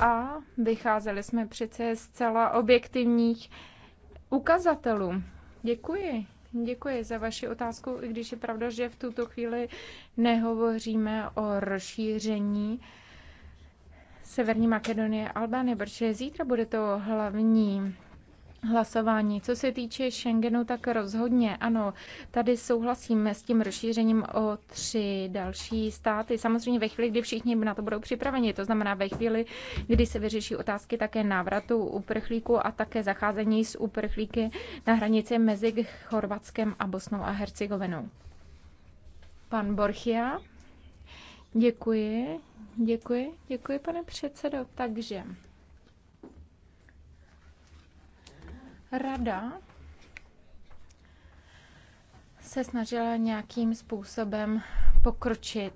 a vycházeli jsme přece z zcela objektivních ukazatelů. Děkuji. Děkuji za vaši otázku, i když je pravda, že v tuto chvíli nehovoříme o rozšíření Severní Makedonie a Albány, protože zítra bude to hlavní hlasování. Co se týče Schengenu, tak rozhodně ano, tady souhlasíme s tím rozšířením o tři další státy. Samozřejmě ve chvíli, kdy všichni na to budou připraveni, to znamená ve chvíli, kdy se vyřeší otázky také návratu uprchlíků a také zacházení s uprchlíky na hranici mezi Chorvatskem a Bosnou a Hercegovinou. Pan Borchia. Děkuji, děkuji, děkuji, pane předsedo. Takže Rada se snažila nějakým způsobem pokročit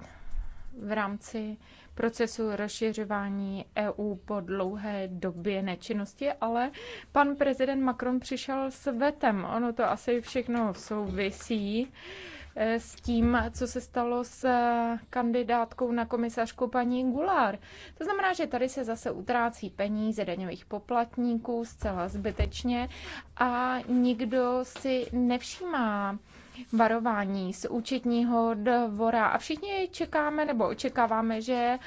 v rámci procesu rozšiřování EU po dlouhé době nečinnosti, ale pan prezident Macron přišel s vetem. Ono to asi všechno souvisí. Uh, Eh, s tím, co se stalo s eh, kandidátkou na komisařku paní Gulár. To znamená, že tady se zase utrácí peníze daňových poplatníků zcela zbytečně a nikdo si nevšímá varování z účetního dvora a všichni čekáme nebo očekáváme, že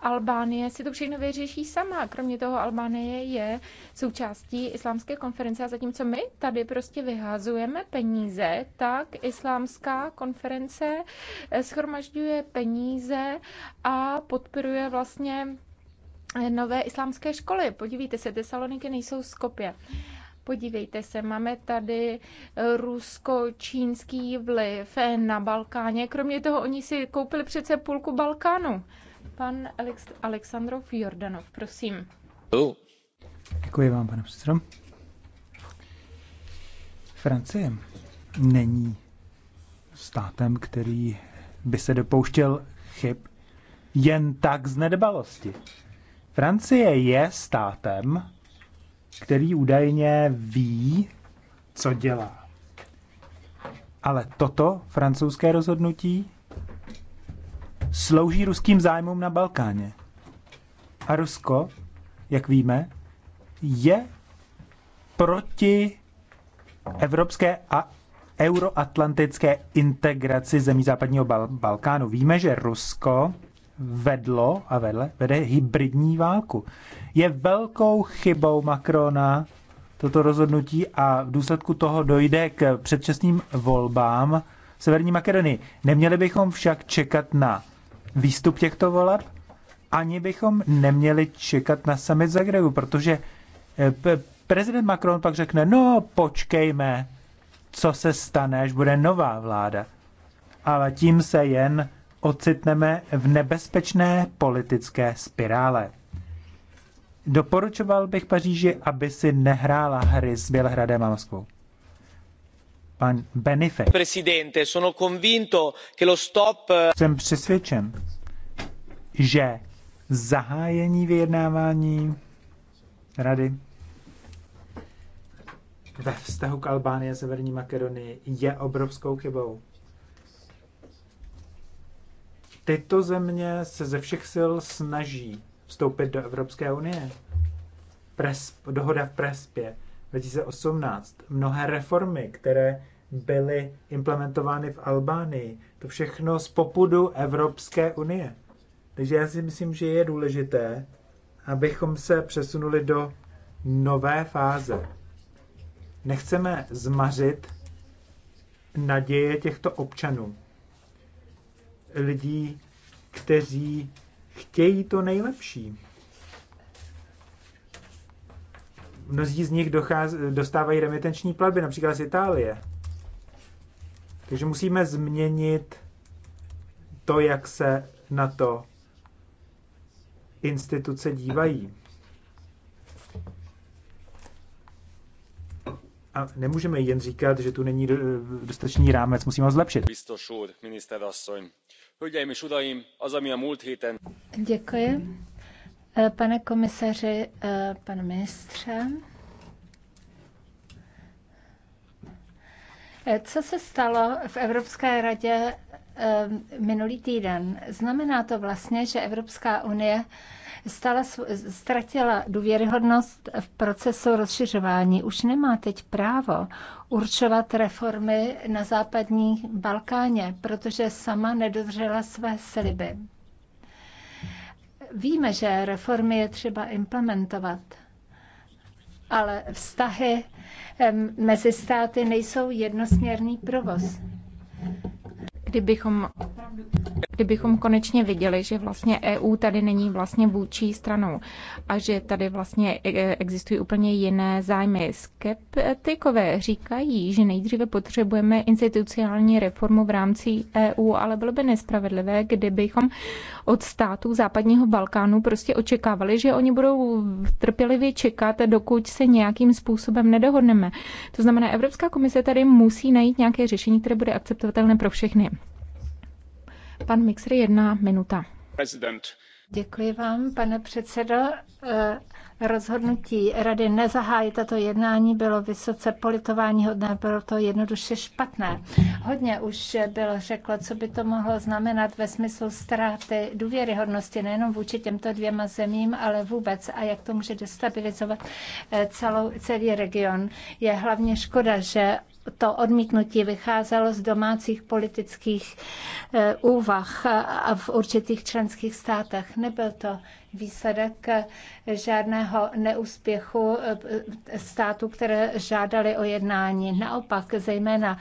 Albánie si to všechno vyřeší sama. Kromě toho Albánie je součástí islámské konference a zatímco my tady prostě vyhazujeme peníze, tak islámská konference eh, schromažďuje peníze a podporuje vlastně eh, nové islámské školy. Podívejte se, Tesaloniky nejsou skopě. Podívejte se, máme tady eh, rusko-čínský vliv eh, na Balkáně. Kromě toho oni si koupili přece půlku Balkánu. Pan Alex- Aleksandrov Jordanov, prosím. Děkuji vám, pane předsedo. Francie není státem, který by se dopouštěl chyb jen tak z nedbalosti. Francie je státem, který údajně ví, co dělá. Ale toto francouzské rozhodnutí slouží ruským zájmům na Balkáně. A Rusko, jak víme, je proti evropské a euroatlantické integraci zemí západního Bal- Balkánu. Víme, že Rusko vedlo a vedle, vede hybridní válku. Je velkou chybou Macrona toto rozhodnutí a v důsledku toho dojde k předčasným volbám v Severní Makedonii. Neměli bychom však čekat na výstup těchto voleb, ani bychom neměli čekat na summit Zagrebu, protože eh, prezident Macron pak řekne, no počkejme, co se stane, až bude nová vláda. Ale tím se jen ocitneme v nebezpečné politické spirále. Doporučoval bych Paříži, aby si nehrála hry s Bělehradem a Moskvou. Pan Benife. Presidente, sono convinto che lo stop... Eh, Jsem přesvědčen, že zahájení vyjednávání rady ve vztahu k Albánii a Severní Makedonii je obrovskou chybou. Tyto země se ze všech sil snaží vstoupit do Evropské unie. Presp, dohoda v Prespě 2018, mnohé reformy, které byly implementovány v Albánii, to všechno z popudu Evropské unie. Takže já si myslím, že je důležité, abychom se přesunuli do nové fáze. Nechceme zmařit naděje těchto občanů lidí, kteří chtějí to nejlepší. Mnozí z nich docház, dostávají remitenční platby, například z Itálie. Takže musíme změnit to, jak se na to instituce dívají. A nemůžeme jen říkat, že tu není dostatečný rámec, musíme ho zlepšit. Hölgyeim és uraim, az, ami a múlt héten... Děkuji. Eh, pane komisaři, eh, pane ministře, eh, co se stalo v Evropské radě minulý týden? Znamená to vlastně, že Evropská unie stala, ztratila důvěryhodnost v procesu rozšiřování. Už nemá teď právo určovat reformy na západní Balkáně, protože sama nedodržela své sliby. Víme, že reformy je třeba implementovat, ale vztahy mezi státy nejsou jednosměrný provoz. Kdybychom opravdu kdybychom konečně viděli, že vlastně EU tady není vlastně vůči stranou a že tady vlastně e, e, existují úplně jiné zájmy. Skeptikové říkají, že nejdříve potřebujeme institucionální reformu v rámci EU, ale bylo by nespravedlivé, kdybychom od států západního Balkánu prostě očekávali, že oni budou trpělivě čekat, dokud se nějakým způsobem nedohodneme. To znamená, Evropská komise tady musí najít nějaké řešení, které bude akceptovatelné pro všechny. Pan Mixer, jedna minuta. President. Děkuji vám, pane předsedo. Eh, rozhodnutí rady nezahájit tato jednání bylo vysoce politováníhodné, bylo to jednoduše špatné. Hodně už bylo řeklo, co by to mohlo znamenat ve smyslu ztráty důvěryhodnosti nejenom vůči těmto dvěma zemím, ale vůbec a jak to může destabilizovat eh, celou, celý region. Je hlavně škoda, že to odmítnutí vycházelo z domácích politických eh, úvah a v určitých členských státech. Nebyl to výsledek žádného neúspěchu eh, států, které žádali o jednání. Naopak, zejména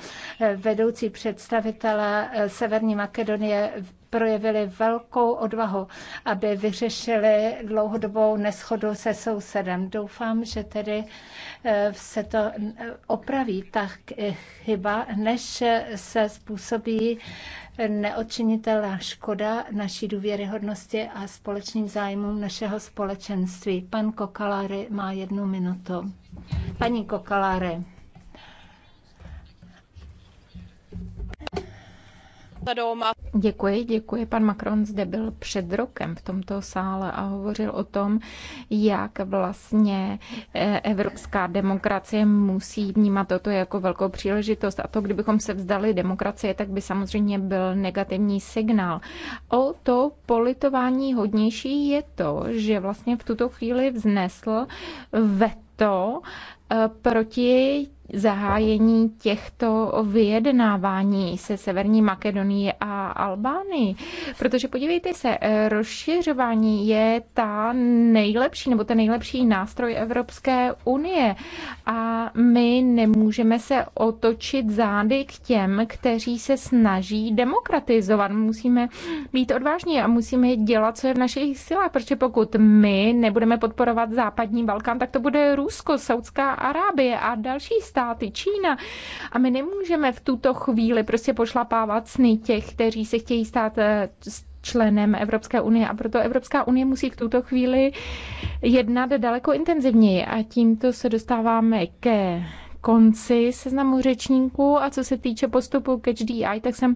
vedoucí představitelé Severní Makedonie projevili velkou odvahu, aby vyřešili dlouhodobou neschodu se sousedem. Doufám, že tedy eh, se to opraví tak chyba, než se způsobí neodčinitelná škoda naší důvěryhodnosti a společným zájmům našeho společenství. Pan Kokalary má jednu minutu. Paní Kokalary, Děkuji, děkuji. Pan Macron zde byl před rokem v tomto sále a hovořil o tom, jak vlastně eh, evropská demokracie musí vnímat toto jako velkou příležitost. A to, kdybychom se vzdali demokracie, tak by samozřejmě byl negativní signál. O to politování hodnější je to, že vlastně v tuto chvíli vznesl veto eh, proti zahájení těchto vyjednávání se Severní Makedonii a Albánii. Protože podívejte se, rozšiřování je ta nejlepší nebo ten nejlepší nástroj Evropské unie a my nemůžeme se otočit zády k těm, kteří se snaží demokratizovat. Musíme být odvážní a musíme dělat, co je v našich silách, protože pokud my nebudeme podporovat západní Balkán, tak to bude Rusko, Saudská Arábie a další státy státy, Čína. A my nemůžeme v tuto chvíli prostě pošlapávat sny těch, kteří se chtějí stát eh, členem Evropské unie a proto Evropská unie musí v tuto chvíli jednat daleko intenzivněji a tímto se dostáváme ke konci seznamu řečníků a co se týče postupu ke HDI, tak jsem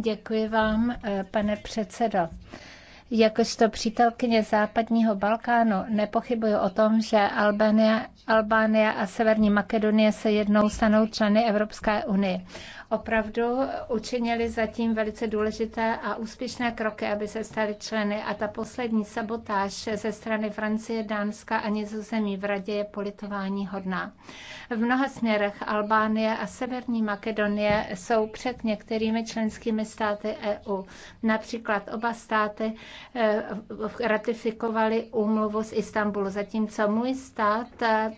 Děkuji vám, eh, pane předsedo. Jakožto přítelkyně západního Balkánu nepochybuji o tom, že Albánie, Albánie a Severní Makedonie se jednou stanou členy Evropské unie opravdu učinili zatím velice důležité a úspěšné kroky, aby se stali členy. A ta poslední sabotáž ze strany Francie, Dánska a Nizozemí v radě je politování hodná. V mnoha směrech Albánie a Severní Makedonie jsou před některými členskými státy EU. Například oba státy eh, ratifikovali úmluvu z Istanbulu, zatímco můj stát, eh,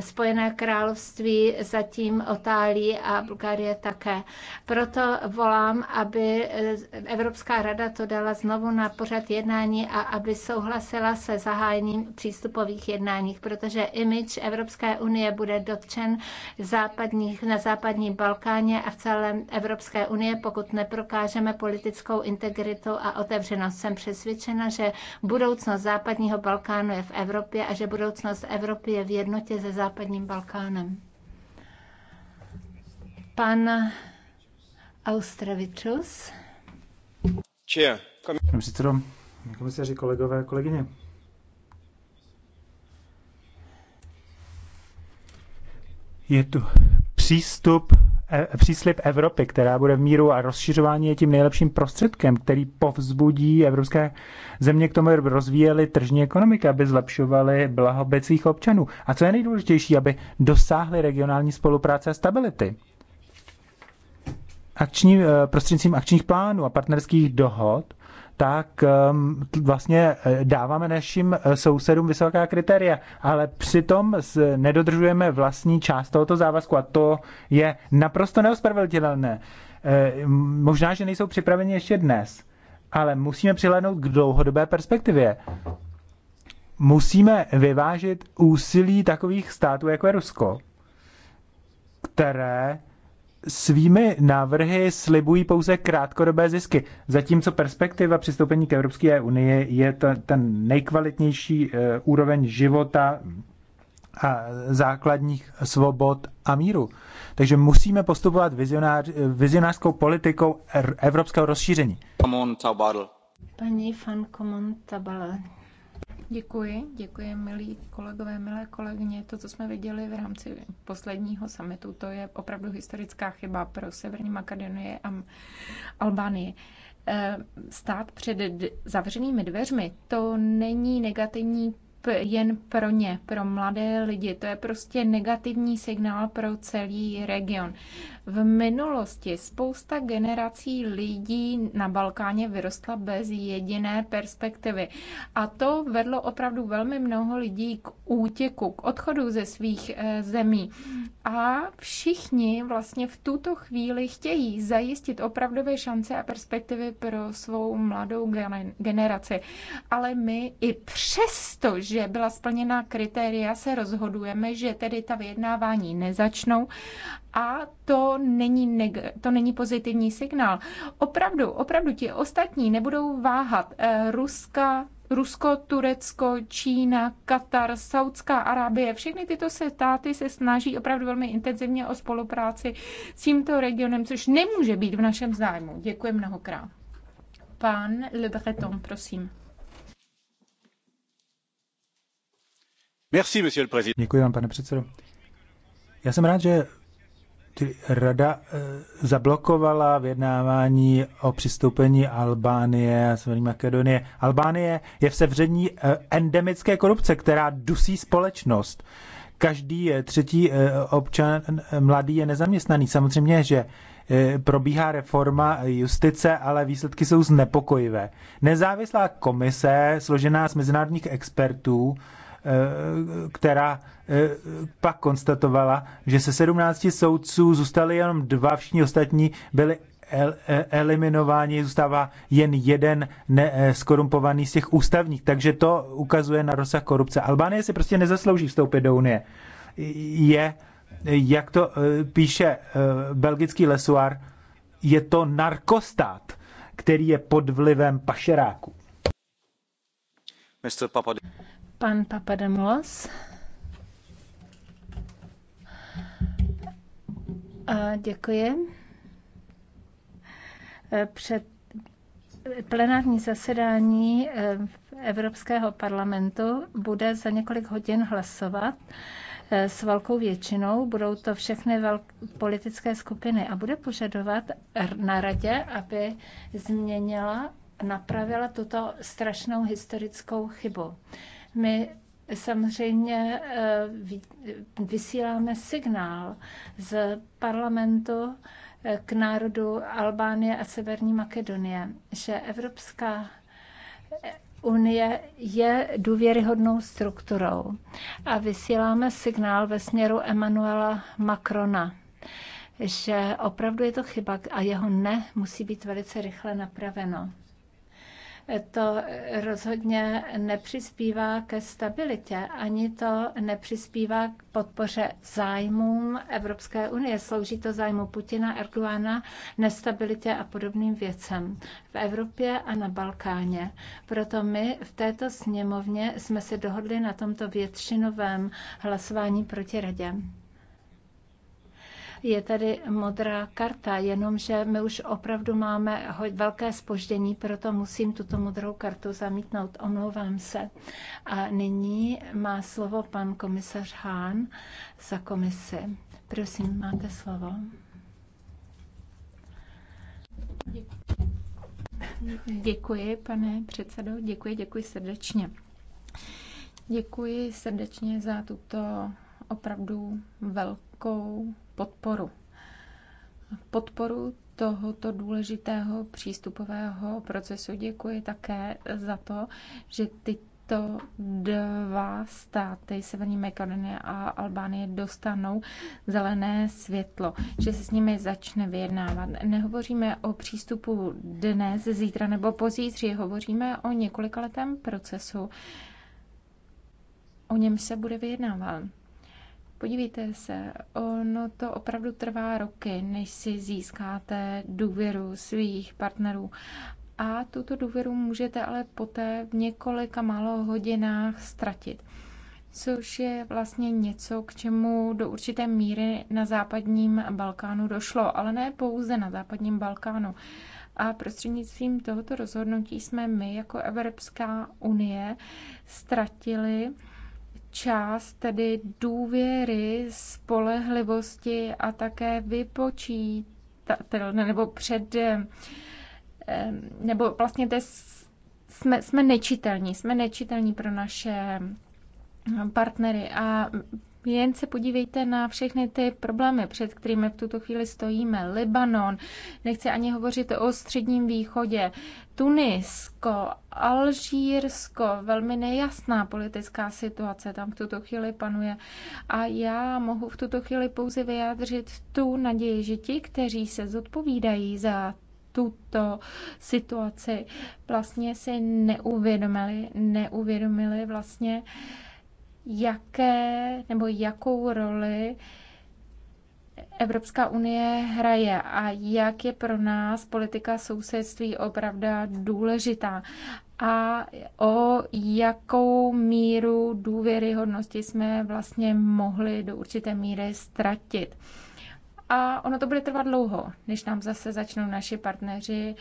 Spojené království, zatím Otálí a Bulgarie tak také. Proto volám, aby eh, Evropská rada to dala znovu na pořad jednání a aby souhlasila se zahájením přístupových jednání, protože image Evropské unie bude dotčen západních, na západním Balkáně a v celém Evropské unie, pokud neprokážeme politickou integritu a otevřenost. Jsem přesvědčena, že budoucnost západního Balkánu je v Evropě a že budoucnost Evropy je v jednotě se západním Balkánem. Pan Austravičus. Pane předsedo, komisaři, kolegové, kolegyně. Je tu přístup, e, příslip Evropy, která bude v míru a rozšiřování je tím nejlepším prostředkem, který povzbudí evropské země k tomu, aby rozvíjely tržní ekonomiky, aby zlepšovaly blahobyt svých občanů. A co je nejdůležitější, aby dosáhly regionální spolupráce a stability akční, eh, prostřednictvím akčních plánů a partnerských dohod, tak ehm, vlastně eh, dáváme našim eh, sousedům vysoká kritéria, ale přitom nedodržujeme vlastní část tohoto závazku a to je naprosto neospravedlnitelné. Možná, že nejsou připraveni ještě dnes, ale musíme přihlédnout k dlouhodobé perspektivě. Musíme vyvážit úsilí takových států, jako je Rusko, které svými návrhy slibují pouze krátkodobé zisky, zatímco perspektiva přistoupení k Evropské unii je ta, ten nejkvalitnější eh, úroveň života a základních svobod a míru. Takže musíme postupovat vizionář, vizionářskou politikou er, evropského rozšíření. Paní Fan Komon Tabal, Děkuji, děkuji milí kolegové, milé kolegyně. To, co jsme viděli v rámci posledního summitu, to je opravdu historická chyba pro Severní Makedonii a Albánii eh, stát před zavřenými dveřmi, to není negativní jen pro ně, pro mladé lidi. To je prostě negativní signál pro celý region. V minulosti spousta generací lidí na Balkáně vyrostla bez jediné perspektivy. A to vedlo opravdu velmi mnoho lidí k útěku, k odchodu ze svých eh, zemí. A všichni vlastně v tuto chvíli chtějí zajistit opravdové šance a perspektivy pro svou mladou generaci. Ale my i přesto, že byla splněna kritéria, se rozhodujeme, že tedy ta vyjednávání nezačnou a to to není, neg- to není pozitivní signál. Opravdu, opravdu ti ostatní nebudou váhat. Eh, Ruska Rusko, Turecko, Čína, Katar, Saudská Arábie, všechny tyto státy se snaží opravdu velmi intenzivně o spolupráci s tímto regionem, což nemůže být v našem zájmu. Děkuji mnohokrát. Pan Le Breton, prosím. Merci, monsieur le président. Děkuji vám, pane předsedo. Já jsem rád, že rada eh, zablokovala vyjednávání o přistoupení Albánie a Severní Makedonie. Albánie je v sevření eh, endemické korupce, která dusí společnost. Každý eh, třetí občan mladý je nezaměstnaný. Samozřejmě, že probíhá reforma justice, ale výsledky jsou znepokojivé. Nezávislá komise, složená z mezinárodních expertů, Eh, která eh, pak konstatovala, že se 17 soudců zůstali jenom dva, všichni ostatní byli eh, eliminováni, zůstává jen jeden ne, skorumpovaný z těch ústavních. Takže to ukazuje na rozsah korupce. Albánie si prostě nezaslouží vstoupit do Unie. Je, jak to píše belgický lesuár, je to narkostát, který je pod vlivem pašeráků. Pan Papademos. A děkuji. Eh, před plenární zasedání eh, Evropského parlamentu bude za několik hodin hlasovat eh, s velkou většinou. Budou to všechny politické skupiny a bude požadovat na radě, aby změnila, napravila tuto strašnou historickou chybu. My samozřejmě eh, vysíláme signál z parlamentu eh, k národu Albánie a Severní Makedonie, že Evropská Unie je důvěryhodnou strukturou a vysíláme signál ve směru Emanuela Macrona, že opravdu je to chyba a jeho ne musí být velice rychle napraveno to rozhodně nepřispívá ke stabilitě, ani to nepřispívá k podpoře zájmům Evropské unie. Slouží to zájmu Putina, Erdoána, nestabilitě a podobným věcem v Evropě a na Balkáně. Proto my v této sněmovně jsme se dohodli na tomto většinovém hlasování proti radě. Je tady modrá karta, jenomže my už opravdu máme velké spoždění, proto musím tuto modrou kartu zamítnout. Omlouvám se. A nyní má slovo pan komisař Hán za komisi. Prosím, máte slovo. Děkuji, pane předsedo, děkuji, děkuji srdečně. Děkuji srdečně za tuto opravdu velkou podporu. Podporu tohoto důležitého přístupového procesu. Děkuji také za to, že ty tyto dva státy, Severní Makedonie a Albánie, dostanou zelené světlo, že se s nimi začne vyjednávat. Nehovoříme o přístupu dnes, zítra nebo pozítří, hovoříme o několikaletém procesu, o něm se bude vyjednávat. Podívejte se, ono to opravdu trvá roky, než si získáte důvěru svých partnerů. A tuto důvěru můžete ale poté v několika málo hodinách ztratit což je vlastně něco, k čemu do určité míry na západním Balkánu došlo, ale ne pouze na západním Balkánu. A prostřednictvím tohoto rozhodnutí jsme my jako Evropská unie ztratili část tedy důvěry, spolehlivosti a také vypočítatelné nebo před, nebo vlastně to jsme, jsme nečitelní, jsme nečitelní pro naše partnery a jen se podívejte na všechny ty problémy, před kterými v tuto chvíli stojíme. Libanon, nechci ani hovořit o středním východě, Tunisko, Alžírsko, velmi nejasná politická situace tam v tuto chvíli panuje. A já mohu v tuto chvíli pouze vyjádřit tu naději, že ti, kteří se zodpovídají za tuto situaci, vlastně si neuvědomili, neuvědomili vlastně, jaké nebo jakou roli Evropská unie hraje a jak je pro nás politika sousedství opravdu důležitá a o jakou míru důvěryhodnosti jsme vlastně mohli do určité míry ztratit. A ono to bude trvat dlouho, než nám zase začnou naši partneři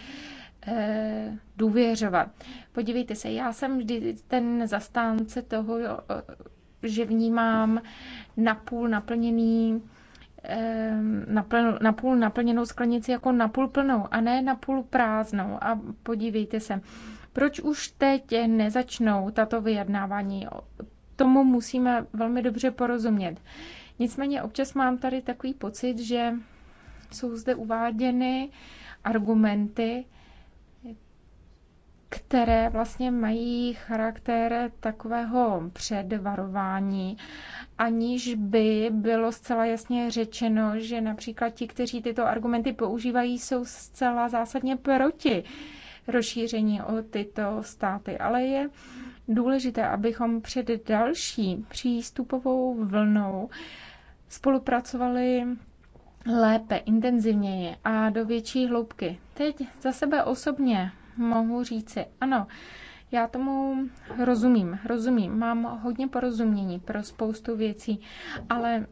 eh, důvěřovat. Podívejte se, já jsem vždy ten zastánce toho, eh, že vnímám napůl naplněný napůl naplněnou sklenici jako napůl plnou a ne napůl prázdnou. A podívejte se, proč už teď nezačnou tato vyjednávání? Tomu musíme velmi dobře porozumět. Nicméně občas mám tady takový pocit, že jsou zde uváděny argumenty, které vlastně mají charakter takového předvarování, aniž by bylo zcela jasně řečeno, že například ti, kteří tyto argumenty používají, jsou zcela zásadně proti rozšíření o tyto státy. Ale je důležité, abychom před další přístupovou vlnou spolupracovali lépe, intenzivněji a do větší hloubky. Teď za sebe osobně mohu říci, ano, já tomu rozumím, rozumím, mám hodně porozumění pro spoustu věcí, ale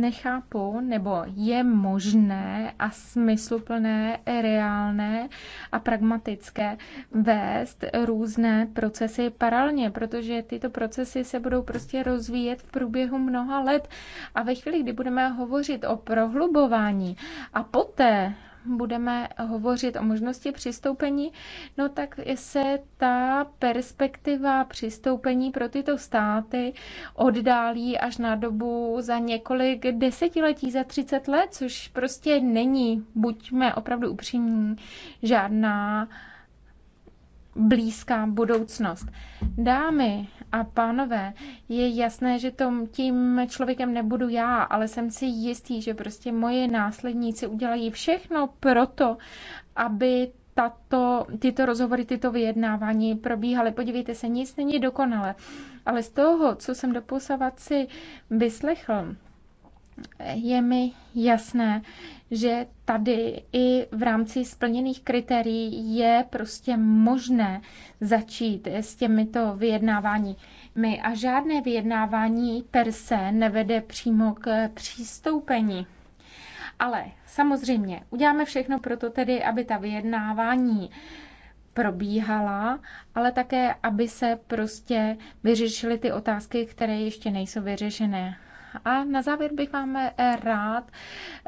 nechápu, nebo je možné a smysluplné, reálné a pragmatické vést různé procesy paralelně, protože tyto procesy se budou prostě rozvíjet v průběhu mnoha let a ve chvíli, kdy budeme hovořit o prohlubování a poté budeme hovořit o možnosti přistoupení, no tak se ta perspektiva přistoupení pro tyto státy oddálí až na dobu za několik desetiletí, za 30 let, což prostě není, buďme opravdu upřímní, žádná blízká budoucnost. Dámy a pánové, je jasné, že tom, tím člověkem nebudu já, ale jsem si jistý, že prostě moje následníci udělají všechno proto, aby tato, tyto rozhovory, tyto vyjednávání probíhaly. Podívejte se, nic není dokonalé. Ale z toho, co jsem do si vyslechl, je mi jasné, že tady i v rámci splněných kritérií je prostě možné začít s těmito vyjednáváními a žádné vyjednávání per se nevede přímo k přístoupení. Ale samozřejmě uděláme všechno pro to tedy, aby ta vyjednávání probíhala, ale také, aby se prostě vyřešily ty otázky, které ještě nejsou vyřešené. A na závěr bych vám eh, rád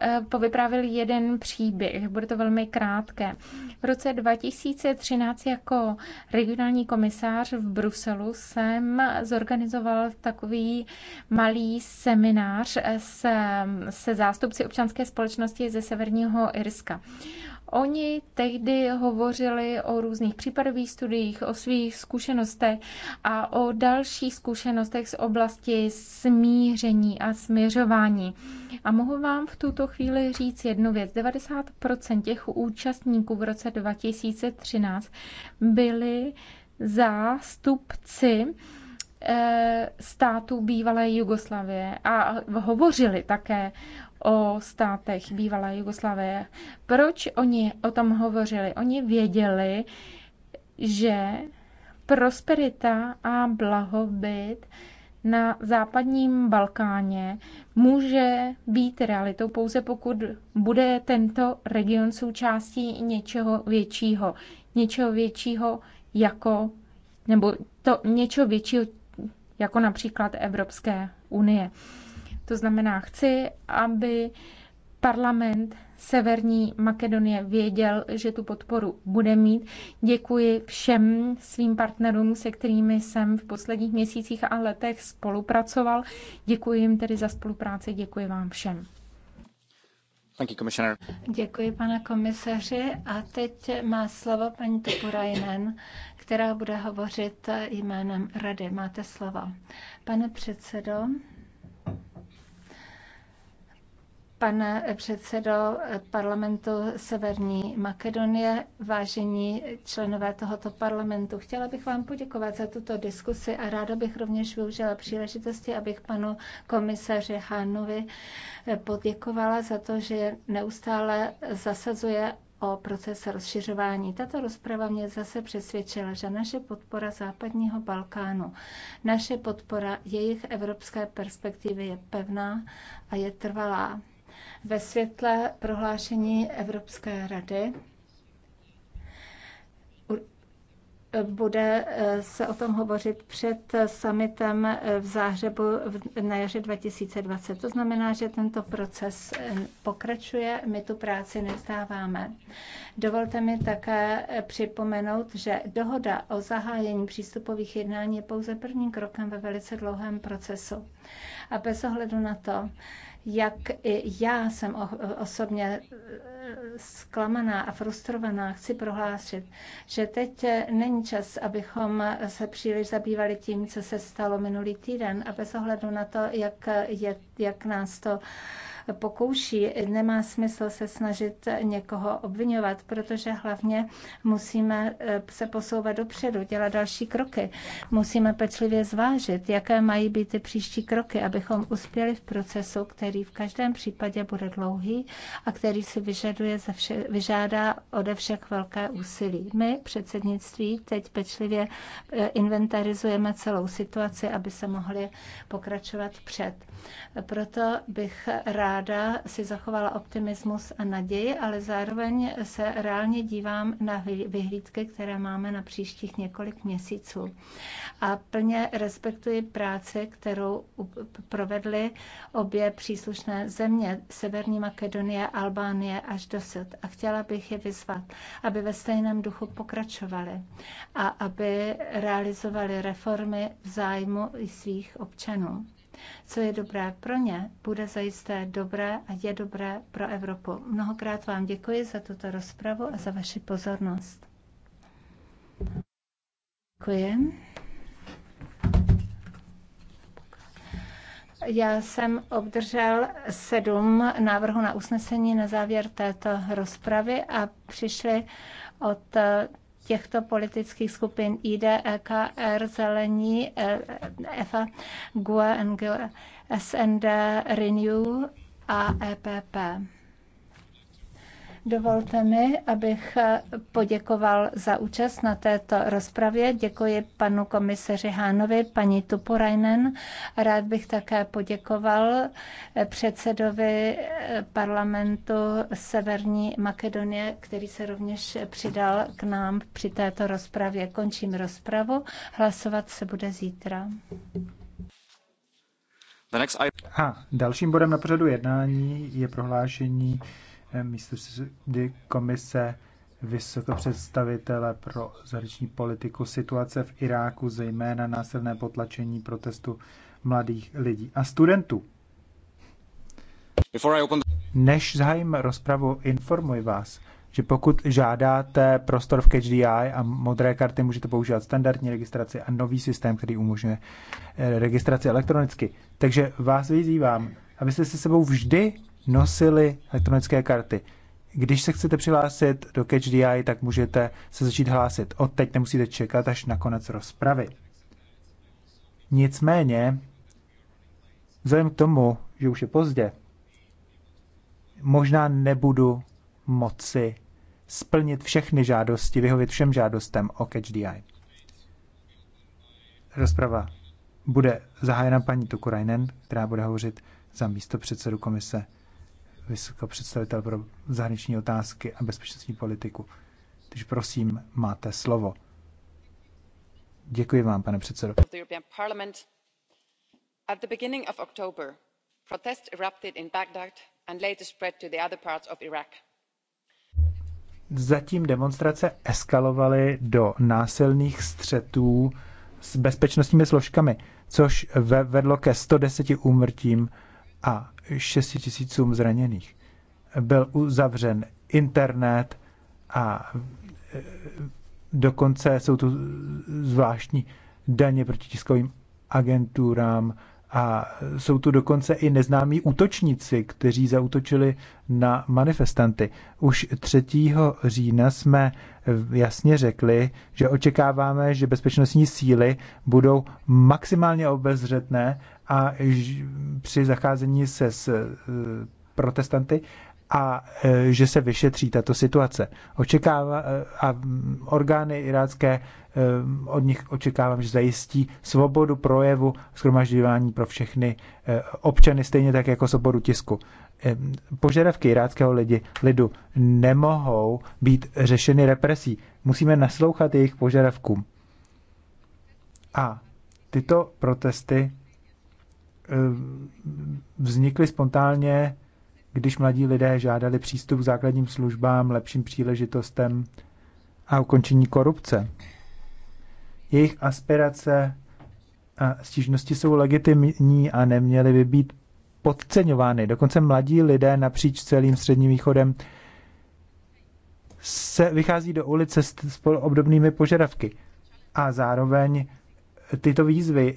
eh, povyprávil jeden příběh. Bude to velmi krátké. V roce 2013 jako regionální komisář v Bruselu jsem zorganizoval takový malý seminář eh, se, se zástupci občanské společnosti ze Severního Irska. Oni tehdy hovořili o různých případových studiích, o svých zkušenostech a o dalších zkušenostech z oblasti smíření a směřování. A mohu vám v tuto chvíli říct jednu věc. 90% těch účastníků v roce 2013 byli zástupci eh, států bývalé Jugoslavie a hovořili také o státech bývalé Jugoslávie. Proč oni o tom hovořili? Oni věděli, že prosperita a blahobyt na západním Balkáně může být realitou pouze pokud bude tento region součástí něčeho většího, něčeho většího jako, nebo to něčeho většího jako například Evropské unie. To znamená, chci, aby parlament Severní Makedonie věděl, že tu podporu bude mít. Děkuji všem svým partnerům, se kterými jsem v posledních měsících a letech spolupracoval. Děkuji jim tedy za spolupráci, děkuji vám všem. You, Děkuji, pane komisaři. A teď má slovo paní Topurajnen, která bude hovořit jménem Rady. Máte slovo. Pane předsedo, Pane předsedo parlamentu Severní Makedonie, vážení členové tohoto parlamentu, chtěla bych vám poděkovat za tuto diskusi a ráda bych rovněž využila příležitosti, abych panu komisaři Hánovi poděkovala za to, že neustále zasazuje o proces rozšiřování. Tato rozprava mě zase přesvědčila, že naše podpora západního Balkánu, naše podpora jejich evropské perspektivy je pevná a je trvalá ve světle prohlášení Evropské rady bude eh, se o tom hovořit před eh, summitem eh, v Záhřebu na jaře 2020. To znamená, že tento proces pokračuje, my tu práci nevzdáváme. Dovolte mi také připomenout, že dohoda o zahájení přístupových jednání je pouze prvním krokem ve velice dlouhém procesu. A bez ohledu na to, jak i já jsem osobně eh, zklamaná a frustrovaná, chci prohlásit, že teď eh, není čas, abychom se příliš zabývali tím, co se stalo minulý týden a bez ohledu na to, jak, eh, je, jak nás to pokouší, nemá smysl se snažit někoho obvinovat, protože hlavně musíme eh, se posouvat dopředu, dělat další kroky. Musíme pečlivě zvážit, jaké mají být ty příští kroky, abychom uspěli v procesu, který v každém případě bude dlouhý a který si vyžaduje ze vše, vyžádá ode všech velké úsilí. My, předsednictví, teď pečlivě eh, inventarizujeme celou situaci, aby se mohli pokračovat před. Proto bych rád ráda si zachovala optimismus a naději, ale zároveň se reálně dívám na vyhlídky, které máme na příštích několik měsíců. A plně respektuji práci, kterou provedly obě příslušné země, Severní Makedonie, Albánie až dosud. A chtěla bych je vyzvat, aby ve stejném duchu pokračovali a aby realizovali reformy v zájmu i svých občanů. Co je dobré pro ně, bude zajisté dobré a je dobré pro Evropu. Mnohokrát vám děkuji za tuto rozpravu a za vaši pozornost. Děkuji. Já jsem obdržel sedm návrhů na usnesení na závěr této rozpravy a přišly od těchto politických skupin ID, e Zelení, EFA, GUE, e SND, Renew a EPP. Dovolte mi, abych eh, poděkoval za účast na této rozpravě. Děkuji panu komisaři Hánovi, paní Tupurajnen. Rád bych také poděkoval eh, předsedovi eh, parlamentu Severní Makedonie, který se rovněž přidal k nám při této rozpravě. Končím rozpravu. Hlasovat se bude zítra. A dalším bodem na pořadu jednání je prohlášení místo komise vysoko pro zahraniční politiku situace v Iráku, zejména násilné potlačení protestu mladých lidí a studentů. Než zahájím rozpravu, informuji vás, že pokud žádáte prostor v CatchDI a modré karty, můžete používat standardní registraci a nový systém, který umožňuje eh, registraci elektronicky. Takže vás vyzývám, abyste se sebou vždy nosili elektronické karty. Když se chcete přihlásit do CatchDI, tak můžete se začít hlásit. Od teď nemusíte čekat až na konec rozpravy. Nicméně, vzhledem k tomu, že už je pozdě, možná nebudu moci splnit všechny žádosti, vyhovět všem žádostem o CatchDI. Rozprava bude zahájena paní Tukurainen, která bude hovořit za místo předsedu komise vysoká představitel pro zahraniční otázky a bezpečnostní politiku. Takže prosím, máte slovo. Děkuji vám, pane předsedo. At the beginning of October, protests erupted in Baghdad and later spread to the other parts of Iraq. Zatím demonstrace eskalovaly do násilných střetů s bezpečnostními složkami, což vedlo ke 110 úmrtím a 6 tisícům zraněných. Byl uzavřen internet a e, dokonce jsou tu zvláštní daně proti tiskovým agenturám, a jsou tu dokonce i neznámí útočníci, kteří zautočili na manifestanty. Už 3. října jsme jasně řekli, že očekáváme, že bezpečnostní síly budou maximálně obezřetné a při zacházení se s eh, protestanty a e, že se vyšetří tato situace. Očekává, e, a orgány irácké e, od nich očekávám, že zajistí svobodu projevu, schromažďování pro všechny občany, stejně tak jako svobodu tisku. Požadavky iráckého lidi, lidu nemohou být řešeny represí. Musíme naslouchat jejich požadavkům. A tyto protesty vznikly spontánně když mladí lidé žádali přístup k základním službám, lepším příležitostem a ukončení korupce. Jejich aspirace a stížnosti jsou legitimní a neměly by být podceňovány. Dokonce mladí lidé napříč celým středním východem se vychází do ulice s obdobnými požadavky. A zároveň tyto výzvy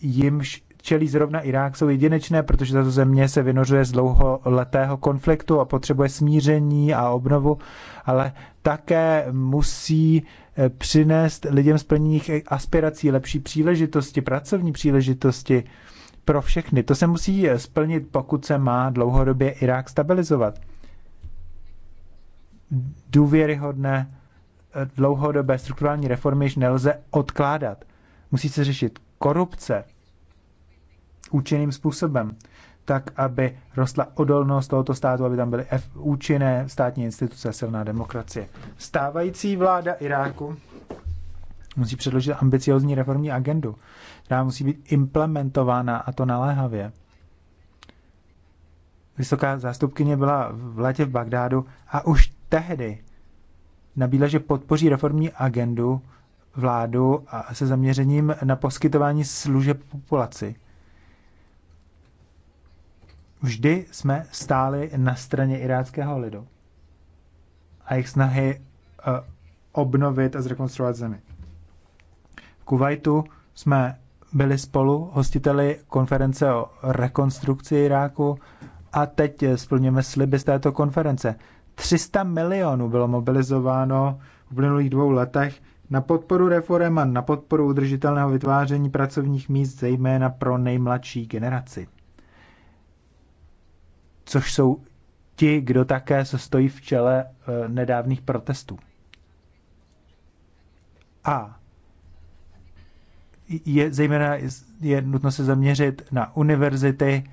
jimž čelí zrovna Irák, jsou jedinečné, protože tato země se vynořuje z dlouholetého konfliktu a potřebuje smíření a obnovu, ale také musí eh, přinést lidem splněných aspirací lepší příležitosti, pracovní příležitosti pro všechny. To se musí eh, splnit, pokud se má dlouhodobě Irák stabilizovat. Důvěryhodné eh, dlouhodobé strukturální reformy již nelze odkládat. Musí se řešit korupce, účinným způsobem, tak aby rostla odolnost tohoto státu, aby tam byly F, účinné státní instituce a silná demokracie. Stávající vláda Iráku musí předložit ambiciozní reformní agendu, která musí být implementována a to naléhavě. Vysoká zástupkyně byla v letě v Bagdádu a už tehdy nabídla, že podpoří reformní agendu vládu a se zaměřením na poskytování služeb populaci. Vždy jsme stáli na straně iráckého lidu a jejich snahy eh, obnovit a zrekonstruovat zemi. V Kuwaitu jsme byli spolu hostiteli konference o rekonstrukci Iráku a teď eh, splňujeme sliby z této konference. 300 milionů bylo mobilizováno v uplynulých dvou letech na podporu reform a na podporu udržitelného vytváření pracovních míst, zejména pro nejmladší generaci což jsou ti, kdo také se stojí v čele eh, nedávných protestů. A je zejména je nutno se zaměřit na univerzity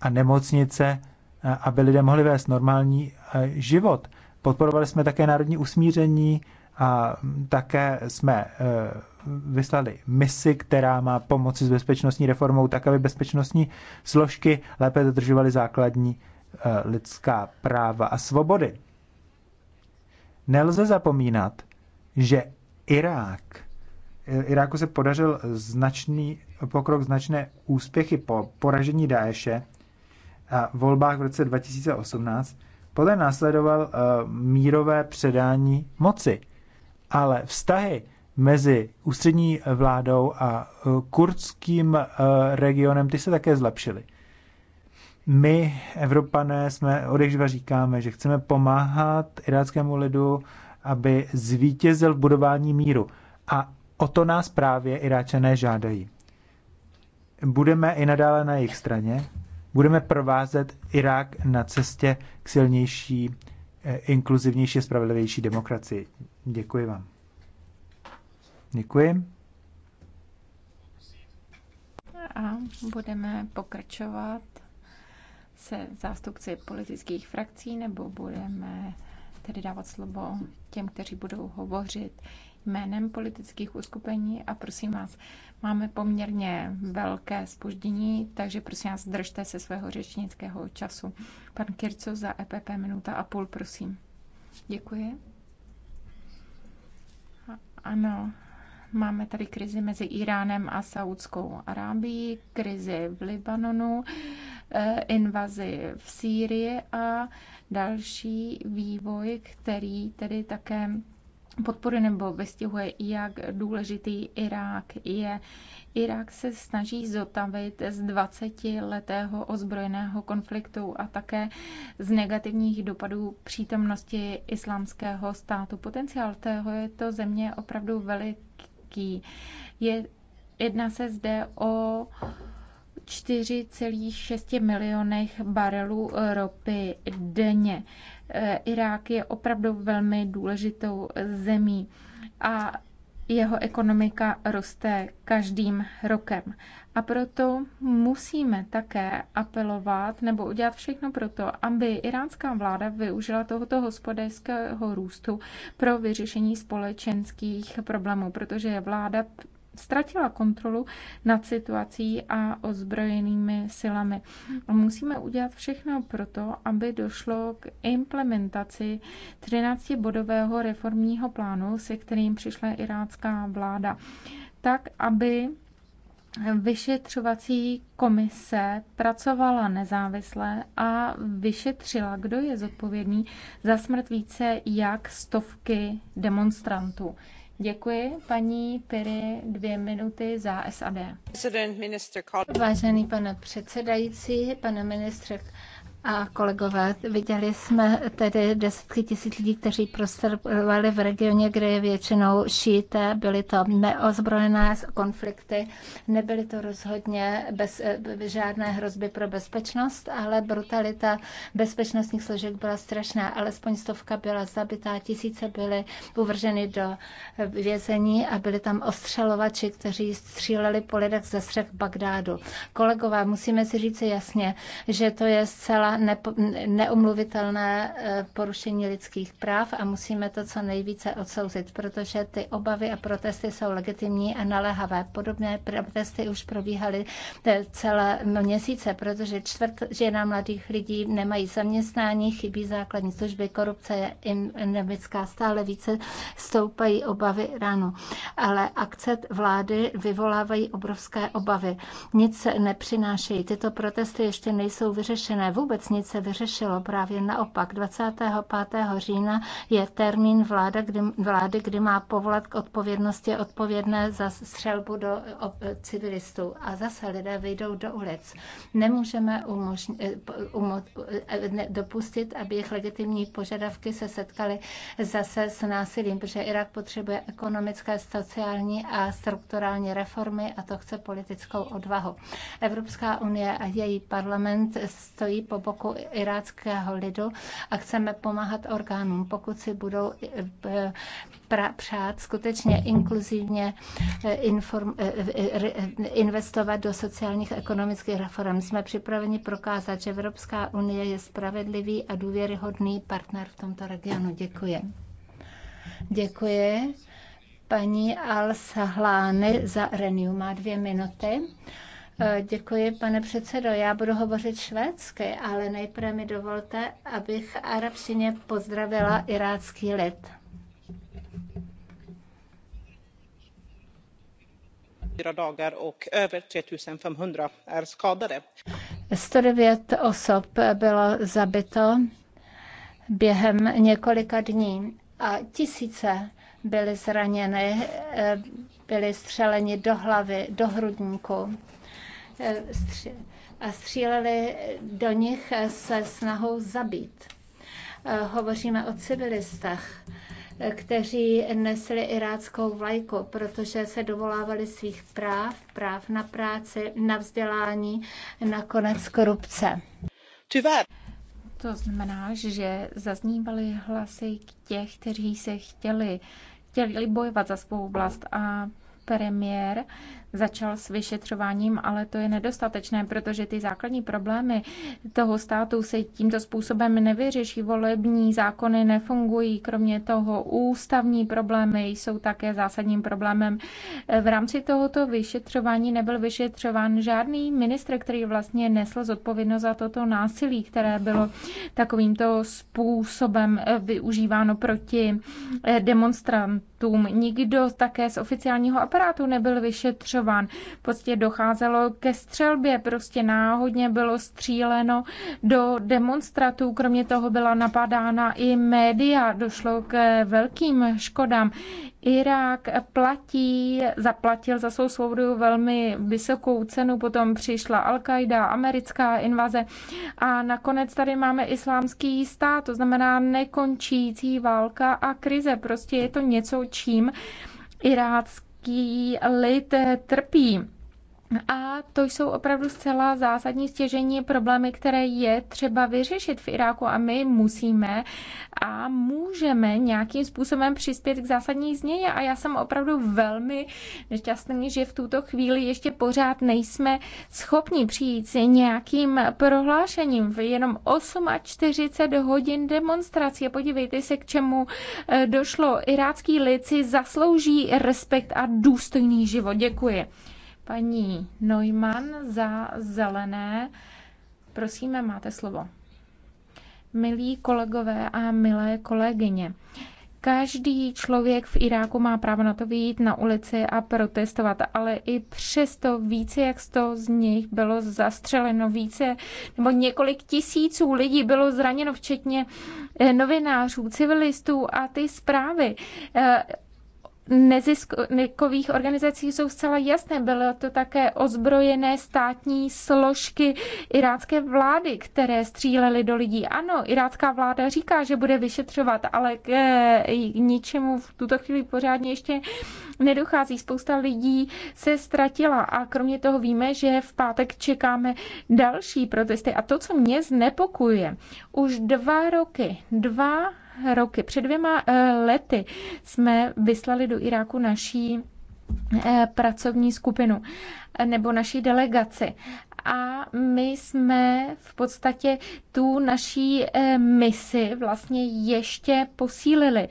a nemocnice, eh, aby lidé mohli vést normální eh, život. Podporovali jsme také národní usmíření a také jsme vyslali misi, která má pomoci s bezpečnostní reformou, tak aby bezpečnostní složky lépe dodržovaly základní eh, lidská práva a svobody. Nelze zapomínat, že Irák, eh, Iráku se podařil značný pokrok, značné úspěchy po poražení Daeše a volbách v roce 2018. Poté následoval eh, mírové předání moci. Ale vztahy mezi ústřední vládou a eh, kurdským eh, regionem, ty se také zlepšily. My, Evropané, jsme odežva říkáme, že chceme pomáhat iráckému lidu, aby zvítězil v budování míru. A o to nás právě Iráčané žádají. Budeme i nadále na jejich straně, budeme provázet Irák na cestě k silnější, eh, inkluzivnější a spravedlivější demokracii. Děkuji vám. Děkuji. A budeme pokračovat se zástupci politických frakcí, nebo budeme tedy dávat slovo těm, kteří budou hovořit jménem politických uskupení a prosím vás, máme poměrně velké spoždění, takže prosím vás, držte se svého řečnického času. Pan Kirco za EPP minuta a půl, prosím. Děkuji. Ano, Máme tady krizi mezi Iránem a Saudskou Arábií, krizi v Libanonu, eh, invazi v Sýrii a další vývoj, který tedy také podpory nebo vystihuje, jak důležitý Irák je. Irák se snaží zotavit z 20-letého ozbrojeného konfliktu a také z negativních dopadů přítomnosti islámského státu. Potenciál tého je to země opravdu veliký velký. Je, jedná se zde o 4,6 milionech barelů ropy denně. Eh, Irák je opravdu velmi důležitou zemí a jeho ekonomika roste každým rokem. A proto musíme také apelovat nebo udělat všechno pro to, aby iránská vláda využila tohoto hospodářského růstu pro vyřešení společenských problémů, protože vláda ztratila kontrolu nad situací a ozbrojenými silami. A musíme udělat všechno proto, aby došlo k implementaci 13-bodového reformního plánu, se kterým přišla irácká vláda, tak aby vyšetřovací komise pracovala nezávisle a vyšetřila, kdo je zodpovědný za smrt více jak stovky demonstrantů. Děkuji paní Piri dvě minuty za SAD. Vážený pane předsedající, pane ministře a kolegové, viděli jsme tedy desítky tisíc lidí, kteří prostorovali v regioně, kde je většinou šíté, byly to neozbrojené konflikty, nebyly to rozhodně bez, žádné hrozby pro bezpečnost, ale brutalita bezpečnostních složek byla strašná, alespoň stovka byla zabitá, tisíce byly uvrženy do vězení a byli tam ostřelovači, kteří stříleli po lidech ze střech Bagdádu. Kolegové, musíme si říct jasně, že to je zcela za neomluvitelné eh, porušení lidských práv a musíme to co nejvíce odsouzit, protože ty obavy a protesty jsou legitimní a naléhavé. Podobné protesty už probíhaly eh, celé měsíce, protože čtvrt žena mladých lidí nemají zaměstnání, chybí základní služby, korupce je endemická, stále více stoupají obavy ráno. Ale akce vlády vyvolávají obrovské obavy. Nic nepřinášejí. Tyto protesty ještě nejsou vyřešené. Vůbec vůbec nic se vyřešilo. Právě naopak, 25. října je termín vláda, kdy, vlády, kdy má povolat k odpovědnosti odpovědné za střelbu do civilistů. A zase lidé vyjdou do ulic. Nemůžeme umožn, eh, um, eh, ne, dopustit, aby jejich legitimní požadavky se setkaly zase s násilím, protože Irak potřebuje ekonomické, sociální a strukturální reformy a to chce politickou odvahu. Evropská unie a její parlament stojí po boku boku iráckého lidu a chceme pomáhat orgánům, pokud si budou eh, přát skutečně inkluzivně eh, inform, eh, investovat do sociálních ekonomických reform. Jsme připraveni prokázat, že Evropská unie je spravedlivý a důvěryhodný partner v tomto regionu. Děkuji. Děkuji. Paní Al Sahlány za Renew má dvě minuty. Eh, děkuji, pane předsedo. Já budu hovořit švédsky, ale nejprve mi dovolte, abych arabštině pozdravila irácký lid. fyra dagar och över 3 500 är skadade. 109 osob bylo zabito během několika dní a tisíce byly zraněny, eh, byly střeleni do hlavy, do hrudníku. Eh, a stříleli do nich eh, se snahou zabít. Eh, hovoříme o civilistech, kteří nesli iráckou vlajku, protože se dovolávali svých práv, práv na práci, na vzdělání, na konec korupce. To znamená, že zaznívaly hlasy těch, kteří se chtěli, chtěli bojovat za svou vlast a premiér začal s vyšetřováním, ale to je nedostatečné, protože ty základní problémy toho státu se tímto způsobem nevyřeší. Volební zákony nefungují, kromě toho ústavní problémy jsou také zásadním problémem. V rámci tohoto vyšetřování nebyl vyšetřován žádný ministr, který vlastně nesl zodpovědnost za toto násilí, které bylo takovýmto způsobem eh, využíváno proti eh, demonstrantům. Nikdo také z oficiálního aparátu nebyl vyšetřován bombardován, Prostě docházelo ke střelbě, prostě náhodně bylo stříleno do demonstratů, kromě toho byla napadána i média, došlo k velkým škodám. Irák platí, zaplatil za svou svobodu velmi vysokou cenu, potom přišla Al-Qaida, americká invaze a nakonec tady máme islámský stát, to znamená nekončící válka a krize. Prostě je to něco, čím irácký irský lid trpí. A to jsou opravdu zcela zásadní stěžení problémy, které je třeba vyřešit v Iráku a my musíme a můžeme nějakým způsobem přispět k zásadní změně. A já jsem opravdu velmi nešťastný, že v tuto chvíli ještě pořád nejsme schopni přijít s nějakým prohlášením v jenom 8 a 40 hodin demonstrace. Podívejte se, k čemu eh, došlo. Irácký lid si zaslouží respekt a důstojný život. Děkuji paní Neumann za zelené. Prosíme, máte slovo. Milí kolegové a milé kolegyně, Každý člověk v Iráku má právo na to vyjít na ulici a protestovat, ale i přesto více jak sto z nich bylo zastřeleno, více nebo několik tisíců lidí bylo zraněno, včetně eh, novinářů, civilistů a ty zprávy eh, neziskových organizací jsou zcela jasné. Byly to také ozbrojené státní složky irácké vlády, které střílely do lidí. Ano, irácká vláda říká, že bude vyšetřovat, ale k, e, ničemu v tuto chvíli pořádně ještě nedochází. Spousta lidí se ztratila a kromě toho víme, že v pátek čekáme další protesty. A to, co mě znepokuje, už dva roky, dva roky. Před dvěma eh, lety jsme vyslali do Iráku naší eh, pracovní skupinu eh, nebo naší delegaci a my jsme v podstatě tu naší misi vlastně ještě posílili.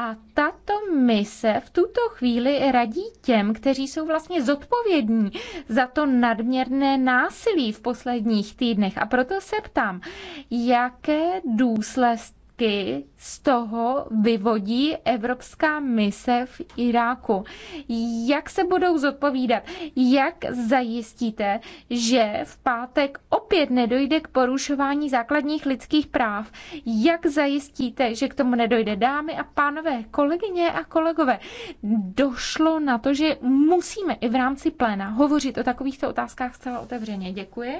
A tato mise v tuto chvíli radí těm, kteří jsou vlastně zodpovědní za to nadměrné násilí v posledních týdnech. A proto se ptám, jaké důsledky výsledky z toho vyvodí Evropská mise v Iráku. Jak se budou zodpovídat? Jak zajistíte, že v pátek opět nedojde k porušování základních lidských práv? Jak zajistíte, že k tomu nedojde dámy a pánové, kolegyně a kolegové? Došlo na to, že musíme i v rámci pléna hovořit o takovýchto otázkách zcela otevřeně. Děkuji.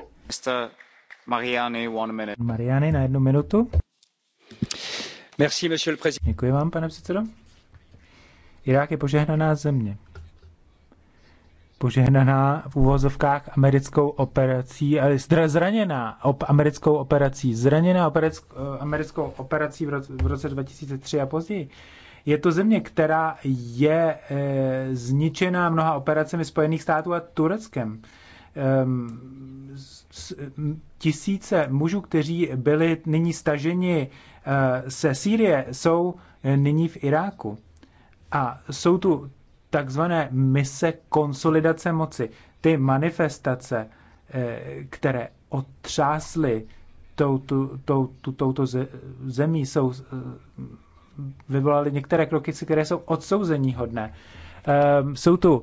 Mr. Mariany, one minute. Mariany na jednu minutu. Děkuji vám, pane předsedo. Irák je požehnaná země. Požehnaná v úvozovkách americkou operací, ale zraněná op, americkou operací, zraněná operec, americkou operací v roce, v roce 2003 a později. Je to země, která je e, zničená mnoha operacemi Spojených států a Tureckem. E, tisíce mužů, kteří byli nyní staženi se eh, Sýrie, jsou nyní v Iráku. A jsou tu takzvané mise konsolidace moci. Ty manifestace, eh, které otřásly touto, tou, tou zemí, jsou, eh, vyvolaly některé kroky, které jsou odsouzení hodné. Ehm, jsou tu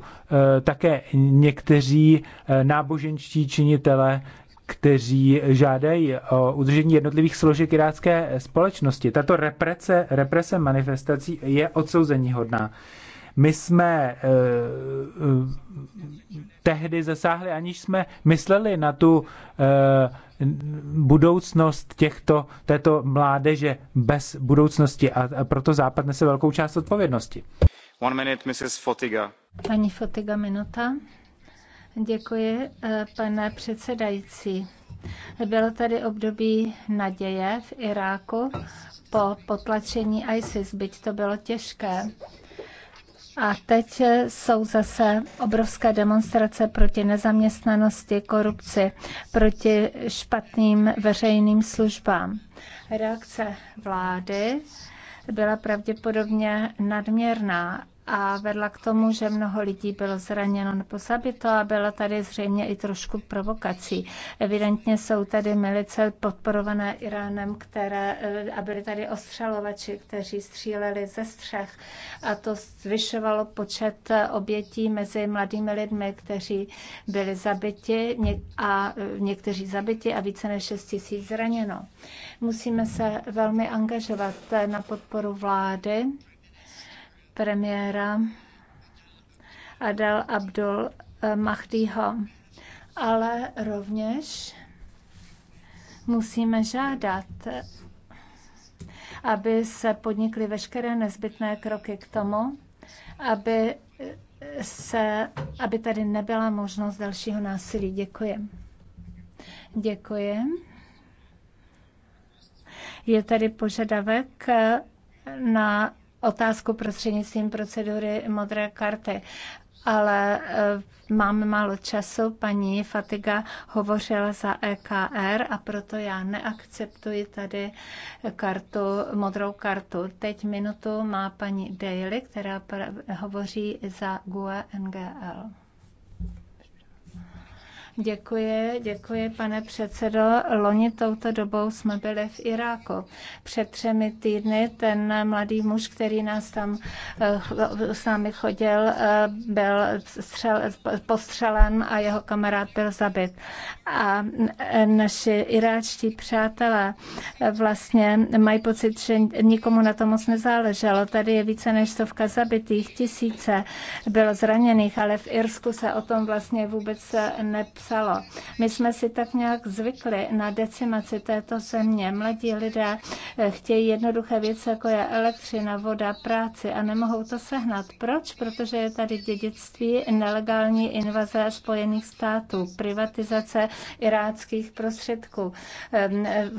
eh, také někteří eh, náboženští činitele, kteří žádají o udržení jednotlivých složek irácké eh, společnosti. Tato represe, represe manifestací je odsouzení hodná. My jsme eh, tehdy zasáhli, aniž jsme mysleli na tu eh, budoucnost těchto, této mládeže bez budoucnosti a, a proto Západ nese velkou část odpovědnosti. Fotiga. Paní Fotiga, minuta. Eh, pane předsedající. Bylo tady období naděje v Iráku po potlačení ISIS, byť to bylo těžké. A teď eh, jsou zase obrovské demonstrace proti nezaměstnanosti, korupci, proti špatným veřejným službám. Reakce vlády byla pravděpodobně nadměrná a vedla k tomu, že mnoho lidí bylo zraněno nebo zabito a byla tady zřejmě i trošku provokací. Evidentně jsou tady milice podporované Iránem, které, eh, a byly tady ostřelovači, kteří stříleli ze střech a to zvyšovalo počet eh, obětí mezi mladými lidmi, kteří byli zabiti a eh, někteří zabiti a více než 6 tisíc zraněno. Musíme se velmi angažovat na podporu vlády, premiéra Adel Abdul eh, Mahdiho, ale rovněž musíme žádat, aby se podnikly veškeré nezbytné kroky k tomu, aby, se, aby tady nebyla možnost dalšího násilí. Děkuji. Děkuji. Je tady požadavek eh, na otázku prostřednictvím procedury modré karty ale eh, máme málo času. Paní Fatiga hovořila za EKR a proto já neakceptuji tady kartu, modrou kartu. Teď minutu má paní Daly, která hovoří za GUE NGL. Děkuji, děkuji, pane předsedo. Loni touto dobou jsme byli v Iráku. Před třemi týdny ten mladý muž, který nás tam eh, s námi chodil, eh, byl střel, postřelen a jeho kamarád byl zabit. A naši iráčtí přátelé eh, vlastně mají pocit, že nikomu na to moc nezáleželo. Tady je více než stovka zabitých, tisíce bylo zraněných, ale v Irsku se o tom vlastně vůbec nepřijde psalo. My jsme si tak nějak zvykli na decimaci této země. Mladí lidé eh, chtějí jednoduché věci, jako je elektřina, voda, práci a nemohou to sehnat. Proč? Protože je tady dědictví nelegální invaze Spojených států, privatizace iráckých prostředků, ehm, eh,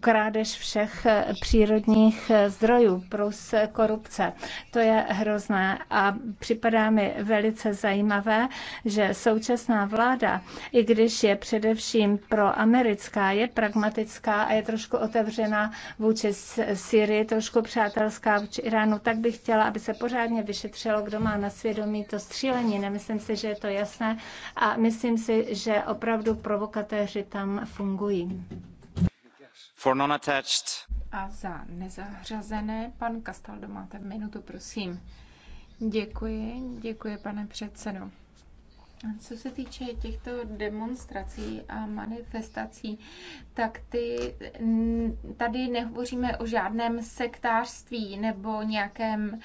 krádež všech eh, přírodních zdrojů, plus korupce. To je hrozné a připadá mi velice zajímavé, že současná vláda i když je především proamerická, je pragmatická a je trošku otevřená vůči Syrii, trošku přátelská vůči Iránu, tak bych chtěla, aby se pořádně vyšetřilo, kdo má na svědomí to střílení. Nemyslím si, že je to jasné a myslím si, že opravdu provokatéři tam fungují. For non-attached. A za nezahřazené, pan Kastaldo, máte minutu, prosím. Děkuji, děkuji, pane předsedo. Co se týče těchto demonstrací a manifestací, tak ty, tady nehovoříme o žádném sektářství nebo nějakém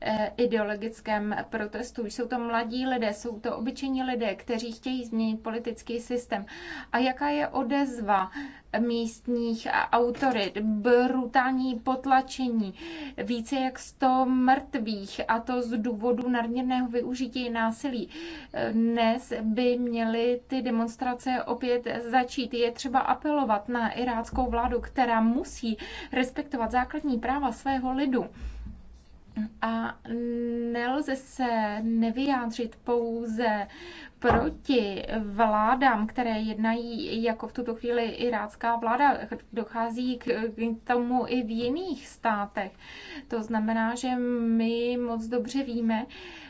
eh, ideologickém protestu. Jsou to mladí lidé, jsou to obyčejní lidé, kteří chtějí změnit politický systém. A jaká je odezva místních autorit, brutální potlačení, více jak 100 mrtvých a to z důvodu nadměrného využití násilí. Dnes by měly ty demonstrace opět začít. Je třeba apelovat na iráckou vládu, která musí respektovat základní práva svého lidu. A nelze se nevyjádřit pouze proti vládám, které jednají jako v tuto chvíli irácká vláda, dochází k, tomu i v jiných státech. To znamená, že my moc dobře víme,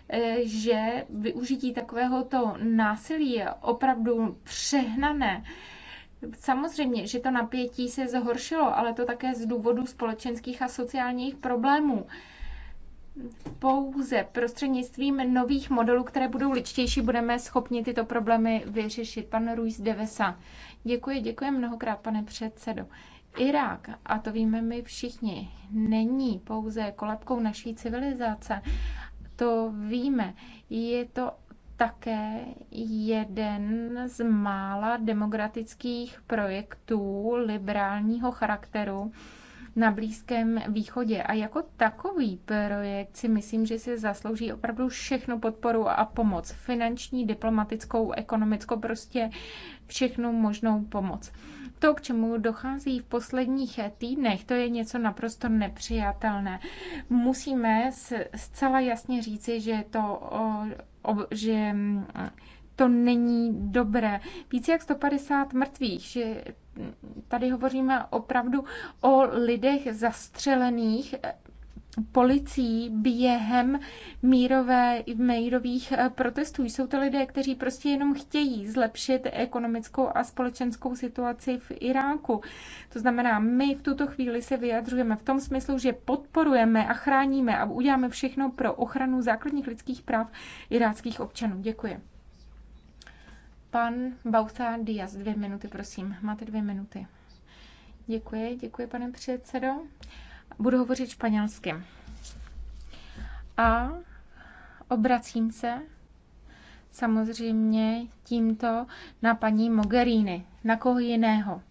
eh, že využití takovéhoto násilí je opravdu přehnané. Samozřejmě, že to napětí se zhoršilo, ale to také z důvodu společenských a sociálních problémů pouze prostřednictvím nových modelů, které budou ličtější, budeme schopni tyto problémy vyřešit. Pan Ruiz Devesa. Děkuji, děkuji mnohokrát, pane předsedo. Irák, a to víme my všichni, není pouze kolebkou naší civilizace. To víme. Je to také jeden z mála demokratických projektů liberálního charakteru, na Blízkém východě. A jako takový projekt si myslím, že si zaslouží opravdu všechnu podporu a pomoc. Finanční, diplomatickou, ekonomickou, prostě všechnu možnou pomoc. To, k čemu dochází v posledních týdnech, to je něco naprosto nepřijatelné. Musíme zcela jasně říci, že to, že to není dobré. Více jak 150 mrtvých, že tady hovoříme opravdu o lidech zastřelených eh, policií během mírové, mírových eh, protestů. Jsou to lidé, kteří prostě jenom chtějí zlepšit ekonomickou a společenskou situaci v Iráku. To znamená, my v tuto chvíli se vyjadřujeme v tom smyslu, že podporujeme a chráníme a uděláme všechno pro ochranu základních lidských práv iráckých občanů. Děkuji. Pan Bausa Díaz, dvě minuty, prosím. Máte dvě minuty. Děkuji, děkuji, pane předsedo. Budu hovořit španělsky. A obracím se samozřejmě tímto na paní Mogherini, na koho jiného.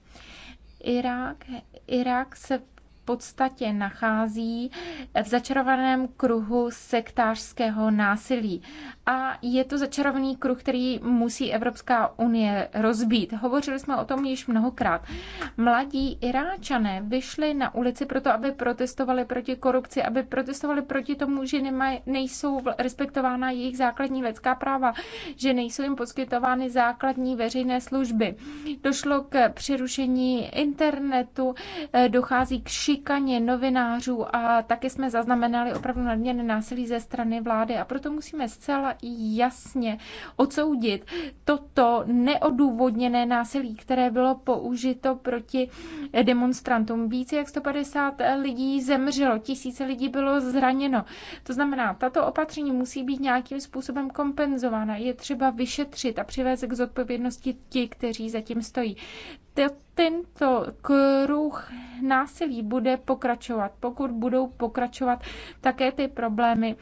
Irák, Irák se podstatě nachází v začarovaném kruhu sektářského násilí. A je to začarovaný kruh, který musí Evropská unie rozbít. Hovořili jsme o tom již mnohokrát. Mladí Iráčané vyšli na ulici proto, aby protestovali proti korupci, aby protestovali proti tomu, že nemaj, nejsou respektována jejich základní lidská práva, že nejsou jim poskytovány základní veřejné služby. Došlo k přerušení internetu, eh, dochází k šik šikaně novinářů a taky jsme zaznamenali opravdu nadměrné násilí ze strany vlády a proto musíme zcela jasně odsoudit toto neodůvodněné násilí, které bylo použito proti demonstrantům. Více jak 150 lidí zemřelo, tisíce lidí bylo zraněno. To znamená, tato opatření musí být nějakým způsobem kompenzována. Je třeba vyšetřit a přivést k zodpovědnosti ti, kteří zatím stojí tento kruh násilí bude pokračovat, pokud budou pokračovat také ty problémy,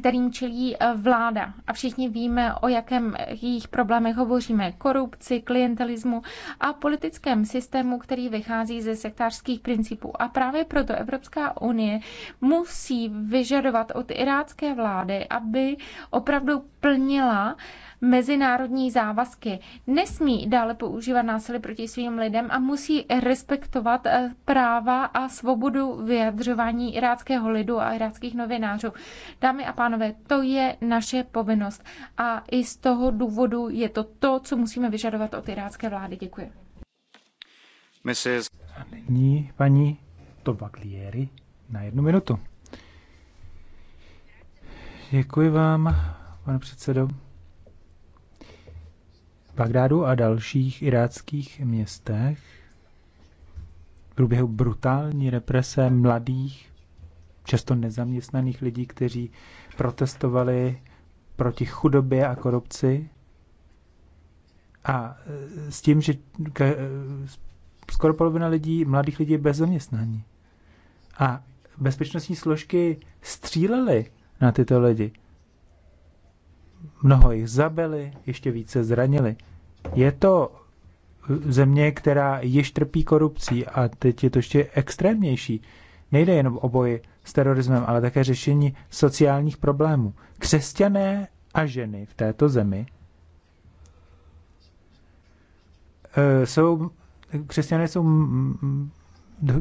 kterým čelí eh, vláda. A všichni víme, o jakém jejich problémech hovoříme. Korupci, klientelismu a politickém systému, který vychází ze sektářských principů. A právě proto Evropská unie musí vyžadovat od irácké vlády, aby opravdu plnila uh, mezinárodní závazky. Nesmí dále používat násilí proti svým lidem a musí respektovat eh, práva a svobodu vyjadřování iráckého lidu a iráckých novinářů. Dámy a pánové, to je naše povinnost a i z toho důvodu je to to, co musíme vyžadovat od irácké vlády. Děkuji. A nyní paní Tobaglieri na jednu minutu. Děkuji vám, pane předsedo. Bagdádu a dalších iráckých městech v průběhu brutální represe mladých, často nezaměstnaných lidí, kteří protestovali proti chudobě a korupci a e, s tím, že e, skoro polovina lidí, mladých lidí je bez zaměstnání. A bezpečnostní složky střílely na tyto lidi mnoho jich zabili, ještě více zranili. Je to země, která již trpí korupcí a teď je to ještě extrémnější. Nejde jenom o boji s terorismem, ale také řešení sociálních problémů. Křesťané a ženy v této zemi eh, jsou, křesťané jsou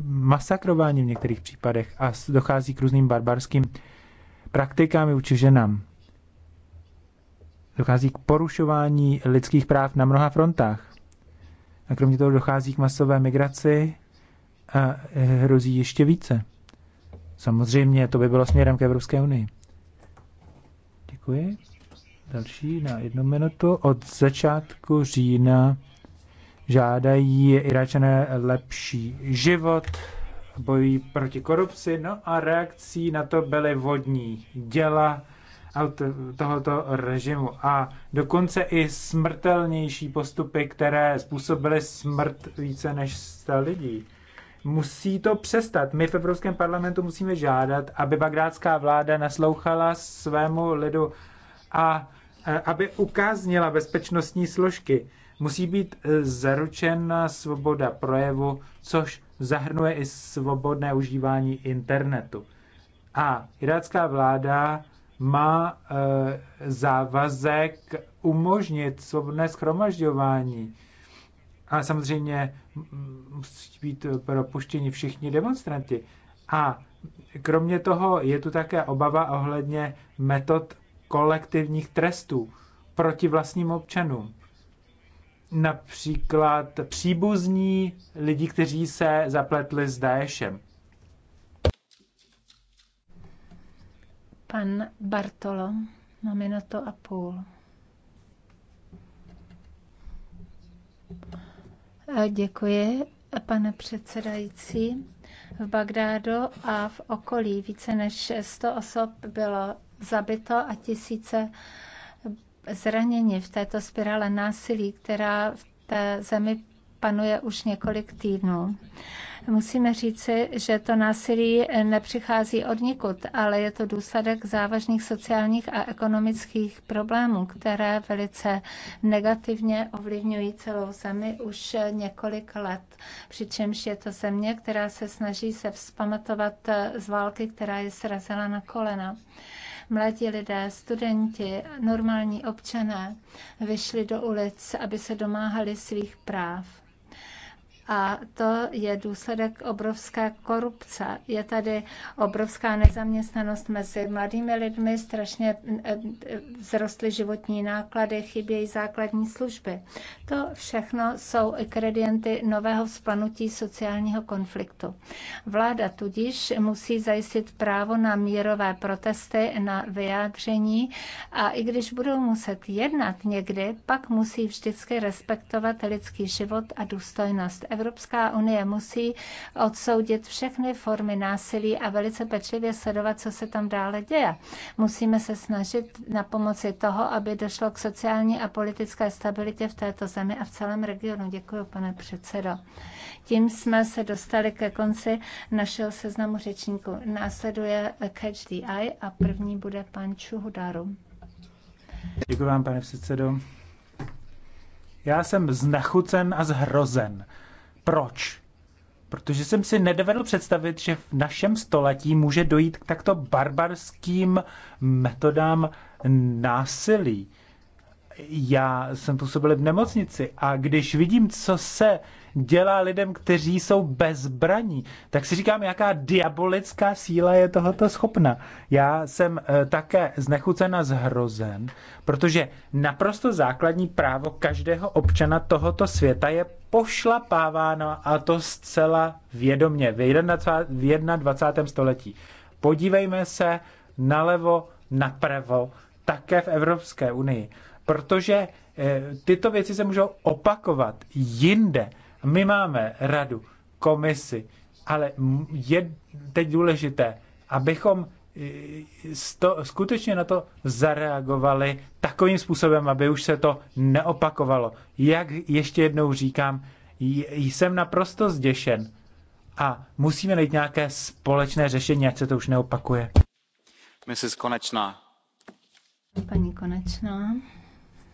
masakrováni v některých případech a dochází k různým barbarským praktikám vůči ženám. Dochází k porušování lidských práv na mnoha frontách. A kromě toho dochází k masové migraci a hrozí ještě více. Samozřejmě to by bylo směrem k Evropské unii. Děkuji. Další na jednu minutu. Od začátku října žádají Iráčané lepší život, bojují proti korupci, no a reakcí na to byly vodní děla, tohoto režimu. A dokonce i smrtelnější postupy, které způsobily smrt více než 100 lidí. Musí to přestat. My v Evropském parlamentu musíme žádat, aby bagdátská vláda naslouchala svému lidu a e, aby ukáznila bezpečnostní složky. Musí být e, zaručena svoboda projevu, což zahrnuje i svobodné užívání internetu. A irácká vláda má eh, závazek umožnit svobodné schromažďování. A samozřejmě musí být propuštěni všichni demonstranti. A kromě toho je tu také obava ohledně metod kolektivních trestů proti vlastním občanům. Například příbuzní lidí, kteří se zapletli s Daešem. Pan Bartolo na to a půl. Eh, děkuji, pane předsedající. V Bagdádu a v okolí více než 100 osob bylo zabito a tisíce zraněni v této spirále násilí, která v té zemi panuje už několik týdnů. Musíme říci, že to násilí nepřichází od nikud, ale je to důsledek závažných sociálních a ekonomických problémů, které velice negativně ovlivňují celou zemi už několik let. Přičemž je to země, která se snaží se vzpamatovat z války, která je srazila na kolena mladí lidé, studenti, normální občané vyšli do ulic, aby se domáhali svých práv a to je důsledek obrovské korupce. Je tady obrovská nezaměstnanost mezi mladými lidmi, strašně eh, vzrostly životní náklady, chybějí základní služby. To všechno jsou ingredienty nového vzplanutí sociálního konfliktu. Vláda tudíž musí zajistit právo na mírové protesty, na vyjádření a i když budou muset jednat někdy, pak musí vždycky respektovat lidský život a důstojnost. Evropská unie musí odsoudit všechny formy násilí a velice pečlivě sledovat, co se tam dále děje. Musíme se snažit na pomoci toho, aby došlo k sociální a politické stabilitě v této zemi a v celém regionu. Děkuji, pane předsedo. Tím jsme se dostali ke konci našeho seznamu řečníků. Následuje Catch the Eye a první bude pan Čuhudaru. Děkuji vám, pane předsedo. Já jsem znachucen a zhrozen proč? Protože jsem si nedovedl představit, že v našem století může dojít k takto barbarským metodám násilí já jsem působil v nemocnici a když vidím, co se dělá lidem, kteří jsou bezbraní, tak si říkám, jaká diabolická síla je tohoto schopna. Já jsem eh, také znechucen a zhrozen, protože naprosto základní právo každého občana tohoto světa je pošlapáváno a to zcela vědomně v 21. století. Podívejme se nalevo, napravo, také v Evropské unii protože eh, tyto věci se můžou opakovat jinde. My máme radu, komisi, ale je teď důležité, abychom eh, to, skutečně na to zareagovali takovým způsobem, aby už se to neopakovalo. Jak ještě jednou říkám, jsem naprosto zděšen a musíme najít nějaké společné řešení, ať se to už neopakuje. Mrs. Konečná. Paní Konečná.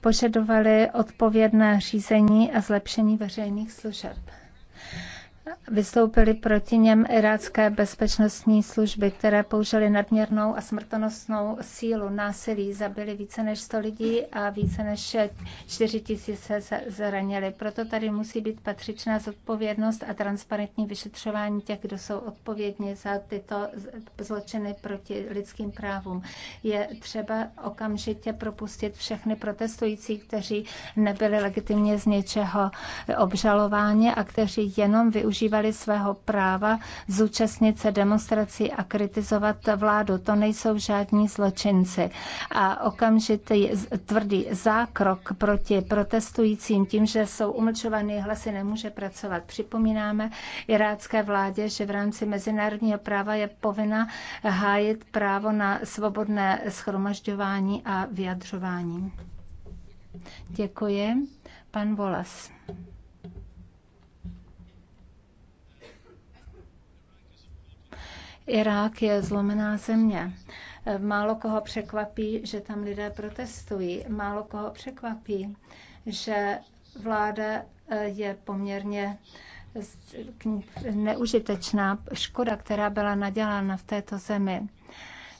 požadovali odpovědné řízení a zlepšení veřejných služeb vystoupily proti něm irácké bezpečnostní služby, které použily nadměrnou a smrtonosnou sílu násilí, zabili více než 100 lidí a více než 4 tisíce zranili. Proto tady musí být patřičná zodpovědnost a transparentní vyšetřování těch, kdo jsou odpovědní za tyto zločiny proti lidským právům. Je třeba okamžitě propustit všechny protestující, kteří nebyli legitimně z něčeho obžalováni a kteří jenom využili využívali svého práva zúčastnit se demonstrací a kritizovat vládu. To nejsou žádní zločinci. A okamžitý tvrdý zákrok proti protestujícím tím, že jsou umlčovaný. hlasy, nemůže pracovat. Připomínáme irácké vládě, že v rámci mezinárodního práva je povinna hájit právo na svobodné schromažďování a vyjadřování. Děkuji. Pan Volas. Irák je zlomená země. Málo koho překvapí, že tam lidé protestují. Málo koho překvapí, že vláda eh, je poměrně neužitečná škoda, která byla nadělána v této zemi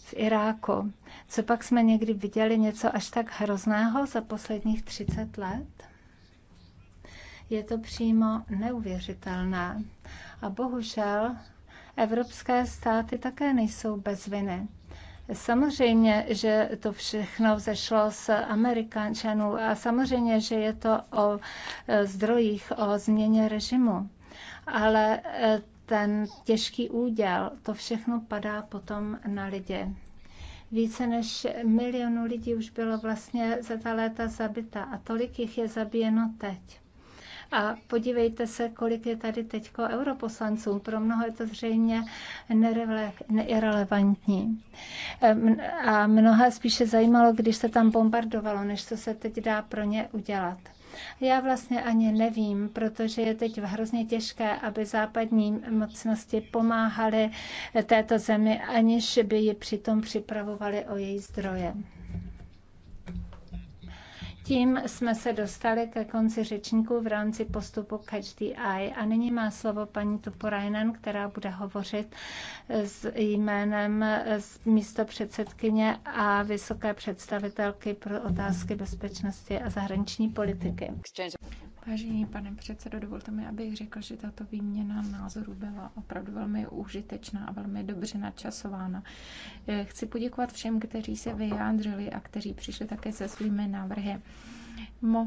v Iráku. Co pak jsme někdy viděli něco až tak hrozného za posledních 30 let? Je to přímo neuvěřitelné. A bohužel Evropské státy také nejsou bez viny. Samozřejmě, že to všechno zešlo z Američanů a samozřejmě, že je to o e, zdrojích, o změně režimu. Ale e, ten těžký úděl, to všechno padá potom na lidi. Více než milionu lidí už bylo vlastně za ta léta zabita a tolik jich je zabíjeno teď. A podívejte se, kolik je tady teďko europoslanců. Pro mnoho je to zřejmě nerelevantní. A mnohé spíše zajímalo, když se tam bombardovalo, než co se teď dá pro ně udělat. Já vlastně ani nevím, protože je teď hrozně těžké, aby západní mocnosti pomáhaly této zemi, aniž by ji přitom připravovali o její zdroje. Tím jsme se dostali ke konci řečníků v rámci postupu Catch the Eye a nyní má slovo paní Tuporajnen, která bude hovořit s jménem místo předsedkyně a vysoké představitelky pro otázky bezpečnosti a zahraniční politiky. Vážený pane předsedo, dovolte mi, abych řekl, že tato výměna názorů byla opravdu velmi užitečná a velmi dobře načasována. Eh, chci poděkovat všem, kteří se vyjádřili a kteří přišli také se svými návrhy.